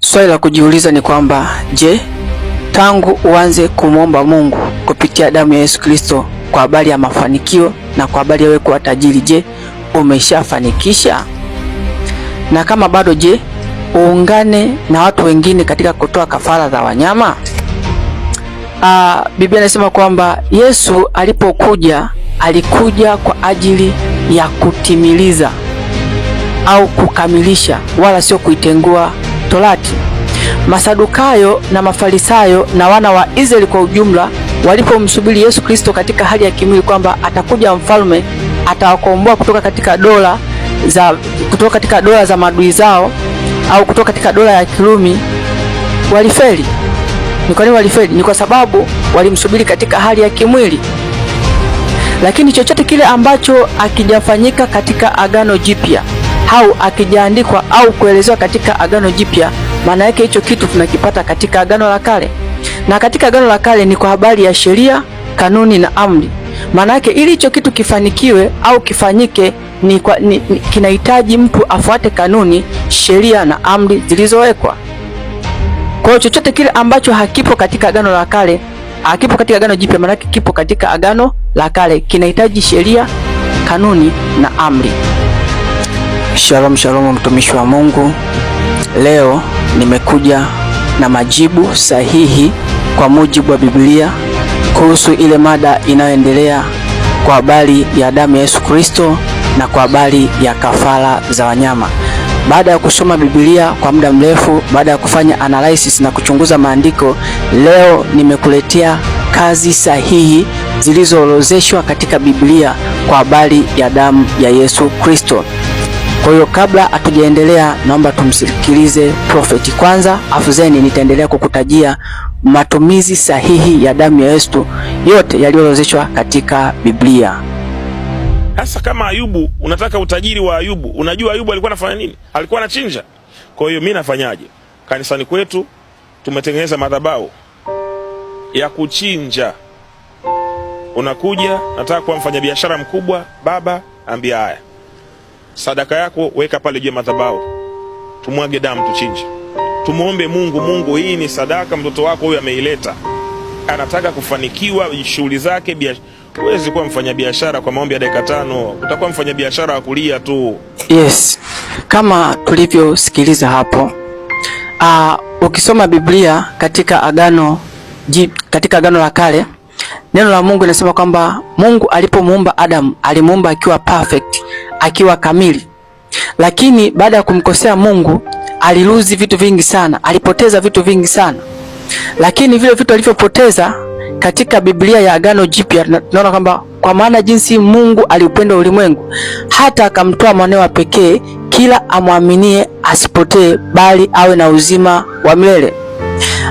Swali la kujiuliza ni kwamba je, tangu uanze kumwomba Mungu kupitia damu ya Yesu Kristo kwa habari ya mafanikio na kwa habari ya wewe kuwa tajiri, je, umeshafanikisha? Na kama bado, je, uungane na watu wengine katika kutoa kafara za wanyama? Aa, ah, Biblia inasema kwamba Yesu alipokuja alikuja kwa ajili ya kutimiliza au kukamilisha, wala sio kuitengua Torati. Masadukayo na Mafarisayo na wana wa Israeli kwa ujumla walipomsubiri Yesu Kristo katika hali ya kimwili kwamba atakuja mfalme atawakomboa kutoka katika dola za kutoka katika dola za maadui zao au kutoka katika dola ya Kirumi walifeli. Ni kwa nini walifeli? Ni kwa sababu walimsubiri katika hali ya kimwili. Lakini chochote kile ambacho akijafanyika katika Agano Jipya au akijaandikwa au kuelezewa katika Agano Jipya, maana yake hicho kitu tunakipata katika Agano la Kale, na katika Agano la Kale ni kwa habari ya sheria, kanuni na amri. Maana yake ili hicho kitu kifanikiwe au kifanyike ni, kwa, ni, ni kinahitaji mtu afuate kanuni, sheria na amri zilizowekwa. Kwa hiyo chochote kile ambacho hakipo katika Agano la Kale, hakipo katika Agano Jipya, maana yake kipo katika Agano la Kale, kinahitaji sheria, kanuni na amri. Shalom shalom, mtumishi wa Mungu. Leo nimekuja na majibu sahihi kwa mujibu wa Biblia kuhusu ile mada inayoendelea kwa habari ya damu ya Yesu Kristo na kwa habari ya kafara za wanyama. Baada ya kusoma Biblia kwa muda mrefu, baada ya kufanya analysis na kuchunguza maandiko, leo nimekuletea kazi sahihi zilizoorozeshwa katika Biblia kwa habari ya damu ya Yesu Kristo. Kwa hiyo kabla hatujaendelea, naomba tumsikilize Prophet kwanza, afu zeni nitaendelea kukutajia matumizi sahihi ya damu ya Yesu yote yaliyoorodheshwa katika Biblia. Sasa kama Ayubu, unataka utajiri wa Ayubu, unajua Ayubu alikuwa anafanya nini? Alikuwa anachinja. Kwa hiyo mimi nafanyaje? Kanisani kwetu tumetengeneza madhabahu ya kuchinja. Unakuja, nataka kuwa mfanyabiashara mkubwa, baba, ambia haya sadaka yako weka pale ya madhabahu, tumwage damu, tuchinje, tumwombe Mungu. Mungu, hii ni sadaka, mtoto wako huyu ameileta, anataka kufanikiwa shughuli zake. Huwezi kuwa mfanyabiashara kwa maombi ya dakika tano, utakuwa mfanyabiashara wa kulia tu. Yes, kama tulivyosikiliza hapo. uh, ukisoma Biblia katika Agano, katika Agano la Kale neno la Mungu linasema kwamba Mungu alipomuumba Adamu alimuumba akiwa perfect akiwa kamili, lakini baada ya kumkosea Mungu aliluzi vitu vingi sana, alipoteza vitu vingi sana, lakini vile vitu alivyopoteza katika Biblia ya Agano Jipya tunaona kwamba kwa maana jinsi Mungu aliupenda ulimwengu hata akamtoa mwanae wa pekee, kila amwaminie asipotee, bali awe na uzima wa milele.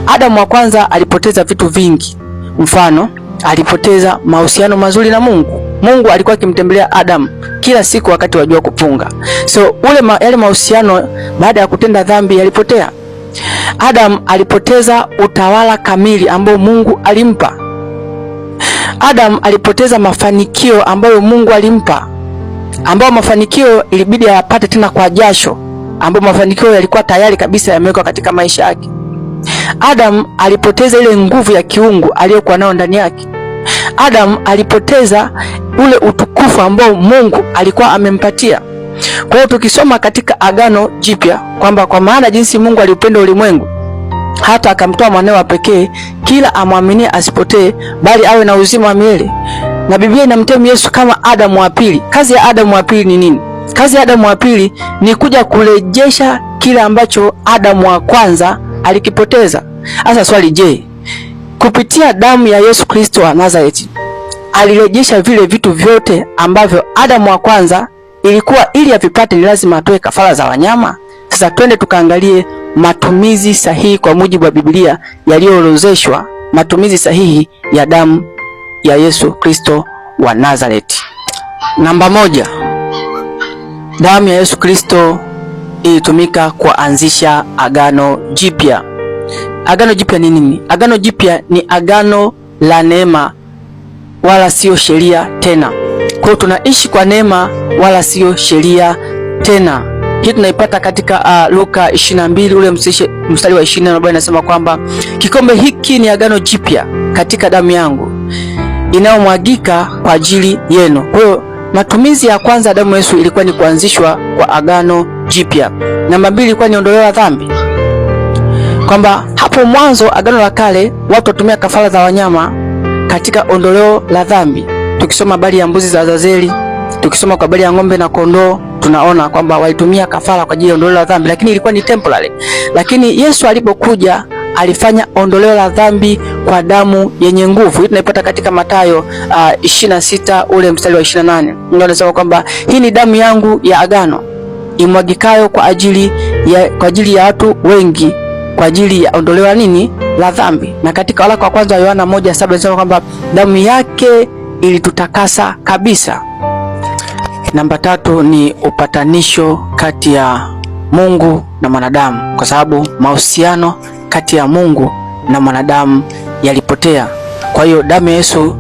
Adamu wa kwanza alipoteza vitu vingi, mfano alipoteza mahusiano mazuri na Mungu, Mungu alikuwa akimtembelea Adam kila siku wakati wa jua kupunga. So ule ma, yale mahusiano baada ya kutenda dhambi yalipotea. Adam alipoteza utawala kamili ambao Mungu alimpa. Adam alipoteza mafanikio ambayo Mungu alimpa, ambayo mafanikio ilibidi ayapate tena kwa jasho, ambayo mafanikio yalikuwa tayari kabisa yamewekwa katika maisha yake. Adam alipoteza ile nguvu ya kiungu aliyokuwa nayo ndani yake. Adam alipoteza ule utukufu ambao Mungu alikuwa amempatia. Kwa hiyo tukisoma katika Agano Jipya kwamba kwa maana jinsi Mungu aliupenda ulimwengu hata akamtoa mwanae wa pekee, kila amwaminie asipotee, bali awe na uzima wa milele. Na Biblia inamtemu Yesu kama Adamu wa pili. Kazi ya Adamu wa pili ni nini? Kazi ya Adamu wa pili ni kuja kurejesha kile ambacho Adamu wa kwanza alikipoteza. Sasa swali, je, Kupitia damu ya Yesu Kristo wa Nazareti alirejesha vile vitu vyote ambavyo Adamu wa kwanza ilikuwa ili avipate ni lazima atoe kafara za wanyama. Sasa twende tukaangalie matumizi sahihi kwa mujibu wa Biblia yaliyoorozeshwa, matumizi sahihi ya damu ya Yesu Kristo wa Nazareti. Namba moja, damu ya Yesu Kristo ilitumika kuanzisha agano jipya. Agano Jipya ni nini? Agano Jipya ni agano la neema, wala siyo sheria tena. Kwa hiyo tunaishi kwa neema, wala siyo sheria tena. Hii tunaipata katika uh, Luka 22 ule mstari wa 24 inasema kwamba kikombe hiki ni agano jipya katika damu yangu inayomwagika kwa ajili yenu. Kwa hiyo matumizi ya kwanza ya damu Yesu ilikuwa ni kuanzishwa kwa agano jipya. Namba mbili ilikuwa ni ondoleo la dhambi kwamba hapo mwanzo Agano la Kale watu watumia kafara za wanyama katika ondoleo la dhambi. Tukisoma habari ya mbuzi za Azazeli, tukisoma kwa habari ya ng'ombe na kondoo, tunaona kwamba walitumia kafara kwa ajili ya ondoleo la dhambi, lakini ilikuwa ni temporary. Lakini Yesu alipokuja alifanya ondoleo la dhambi kwa damu yenye nguvu. Hii tunaipata katika Mathayo uh, 26 ule mstari wa 28. Ndio anasema kwamba hii ni damu yangu ya agano imwagikayo kwa ajili ya, kwa ajili ya watu wengi kwa ajili ya ondoleo la nini la dhambi. Na katika waraka wa kwanza wa Yohana 1:7 inasema kwamba damu yake ilitutakasa kabisa. Namba tatu ni upatanisho kati ya Mungu na mwanadamu, kwa sababu mahusiano kati ya Mungu na mwanadamu yalipotea. Kwa hiyo damu ya Yesu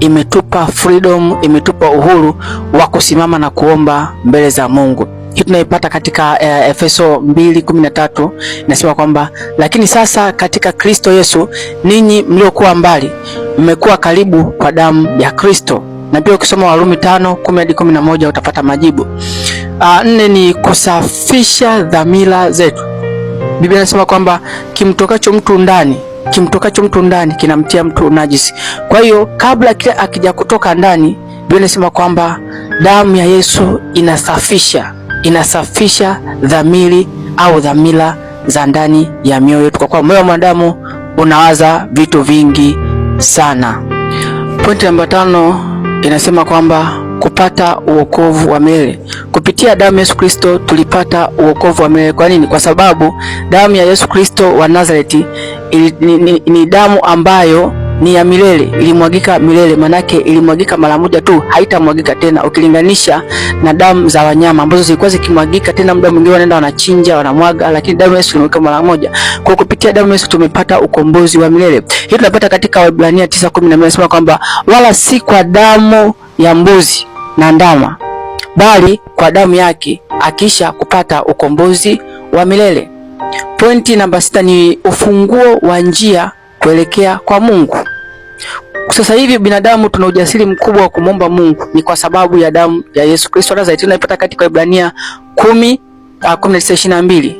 imetupa freedom, imetupa uhuru wa kusimama na kuomba mbele za Mungu hii tunaipata katika uh, Efeso 2:13 inasema kwamba lakini sasa katika Kristo Yesu ninyi mliokuwa mbali mmekuwa karibu kwa damu ya Kristo. Na pia ukisoma Warumi 5:10 hadi 11 utapata majibu. Uh, nne ni kusafisha dhamira zetu. Biblia inasema kwamba kimtokacho mtu ndani kimtokacho mtu ndani kinamtia mtu unajisi. Kwa hiyo kabla kile akija kutoka ndani, Biblia inasema kwamba damu ya Yesu inasafisha inasafisha dhamiri au dhamira za ndani ya mioyo yetu, kwa kuwa moyo wa mwanadamu unawaza vitu vingi sana. Pointi namba tano inasema kwamba kupata uokovu wa milele kupitia damu ya Yesu Kristo tulipata uokovu wa milele. Kwa nini? Kwa sababu damu ya Yesu Kristo wa Nazareti ni, ni, ni damu ambayo ni ya milele, ilimwagika milele, manake ilimwagika mara moja tu, haitamwagika tena, ukilinganisha na damu za wanyama ambazo zilikuwa zikimwagika tena, muda mwingine wanaenda wanachinja, wanamwaga, lakini damu ya Yesu ilimwagika mara moja. Kwa kupitia damu ya Yesu tumepata ukombozi wa milele. Hii tunapata katika Waebrania 9:12 inasema kwamba wala si kwa damu ya mbuzi na ndama, bali kwa damu yake, akisha kupata ukombozi wa milele. Pointi namba sita ni ufunguo wa njia kuelekea kwa Mungu. Sasa hivi binadamu tuna ujasiri mkubwa wa kumwomba Mungu ni kwa sababu ya damu ya Yesu Kristo na zaituni naipata katika Ibrania 10 19:22. Ah,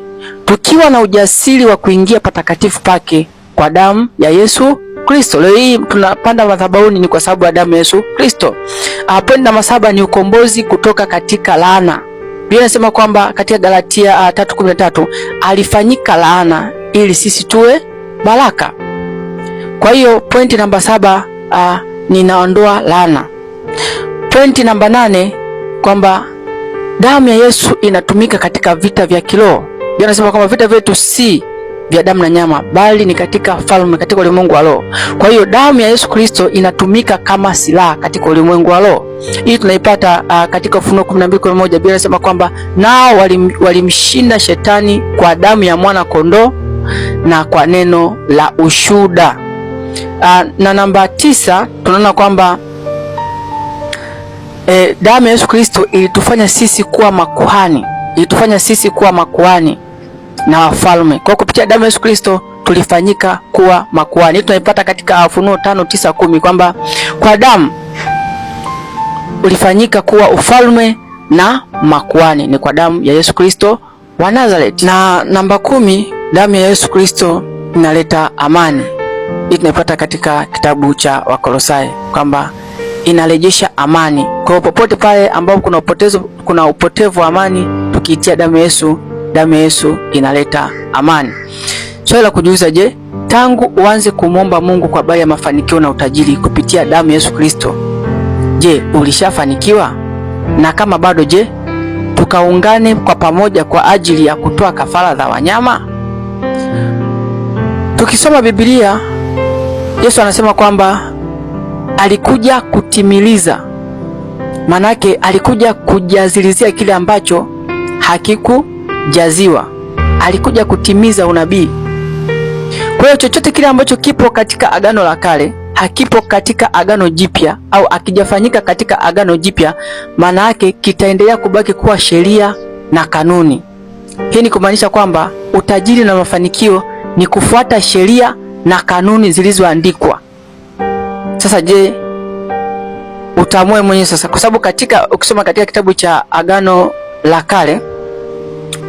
Tukiwa na ujasiri wa kuingia patakatifu pake kwa damu ya Yesu Kristo. Leo hii tunapanda madhabahuni ni kwa sababu ya damu ya Yesu Kristo. Hapo ah, namba saba ni ukombozi kutoka katika laana. Biblia inasema kwamba katika Galatia 3:13 ah, alifanyika laana ili sisi tuwe baraka. Kwa hiyo pointi namba saba uh, ninaondoa laana. Pointi namba nane kwamba damu ya Yesu inatumika katika vita vya kiroho. Biblia inasema kwamba vita vyetu si vya damu na nyama, bali ni katika falme, katika ulimwengu wa roho. Kwa hiyo damu ya Yesu Kristo inatumika kama silaha katika ulimwengu wa roho. Hii tunaipata uh, katika Ufunuo 12:1. Biblia inasema kwamba nao walimshinda walimshinda shetani kwa damu ya mwana kondoo na kwa neno la ushuda. Ah, na namba tisa tunaona kwamba e, damu ya Yesu Kristo ilitufanya sisi kuwa makuhani, ilitufanya sisi kuwa makuhani na wafalme. Kwa kupitia damu ya Yesu Kristo tulifanyika kuwa makuhani. Tunaipata katika Ufunuo tano tisa kumi kwamba kwa damu ulifanyika kuwa ufalme na makuhani, ni kwa damu ya Yesu Kristo wa Nazareth. Na namba kumi, damu ya Yesu Kristo inaleta amani hii tunaipata katika kitabu cha Wakolosai kwamba inarejesha amani. Kwa popote pale ambapo kuna upotezo, kuna upotevu wa amani, tukiitia damu ya Yesu, damu ya Yesu inaleta amani. Swali la kujiuliza, je, tangu uanze kumwomba Mungu kwa habari ya mafanikio na utajiri kupitia damu ya Yesu Kristo, je, ulishafanikiwa? Na kama bado, je, tukaungane kwa pamoja kwa ajili ya kutoa kafara za wanyama? Tukisoma Biblia Yesu anasema kwamba alikuja kutimiliza, manake alikuja kujazilizia kile ambacho hakikujaziwa. Alikuja kutimiza unabii. Kwa hiyo chochote kile ambacho kipo katika Agano la Kale hakipo katika Agano Jipya au akijafanyika katika Agano Jipya, maana yake kitaendelea kubaki kuwa sheria na kanuni. Hii ni kumaanisha kwamba utajiri na mafanikio ni kufuata sheria na kanuni zilizoandikwa. Sasa je, utamue mwenyewe sasa, kwa sababu katika ukisoma katika kitabu cha Agano la Kale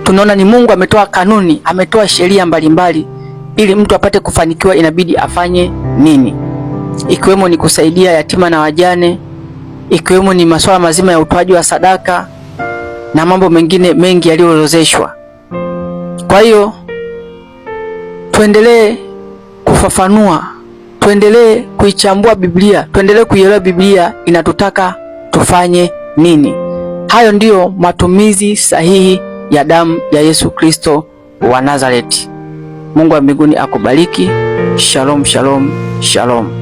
tunaona ni Mungu ametoa kanuni, ametoa sheria mbalimbali ili mtu apate kufanikiwa, inabidi afanye nini, ikiwemo ni kusaidia yatima na wajane, ikiwemo ni masuala mazima ya utoaji wa sadaka na mambo mengine mengi yaliyoorozeshwa. Kwa hiyo tuendelee kufafanua, tuendelee kuichambua Biblia, tuendelee kuielewa Biblia inatutaka tufanye nini. Hayo ndiyo matumizi sahihi ya damu ya Yesu Kristo wa Nazareti. Mungu wa mbinguni akubariki. Shalom, shalom, shalom.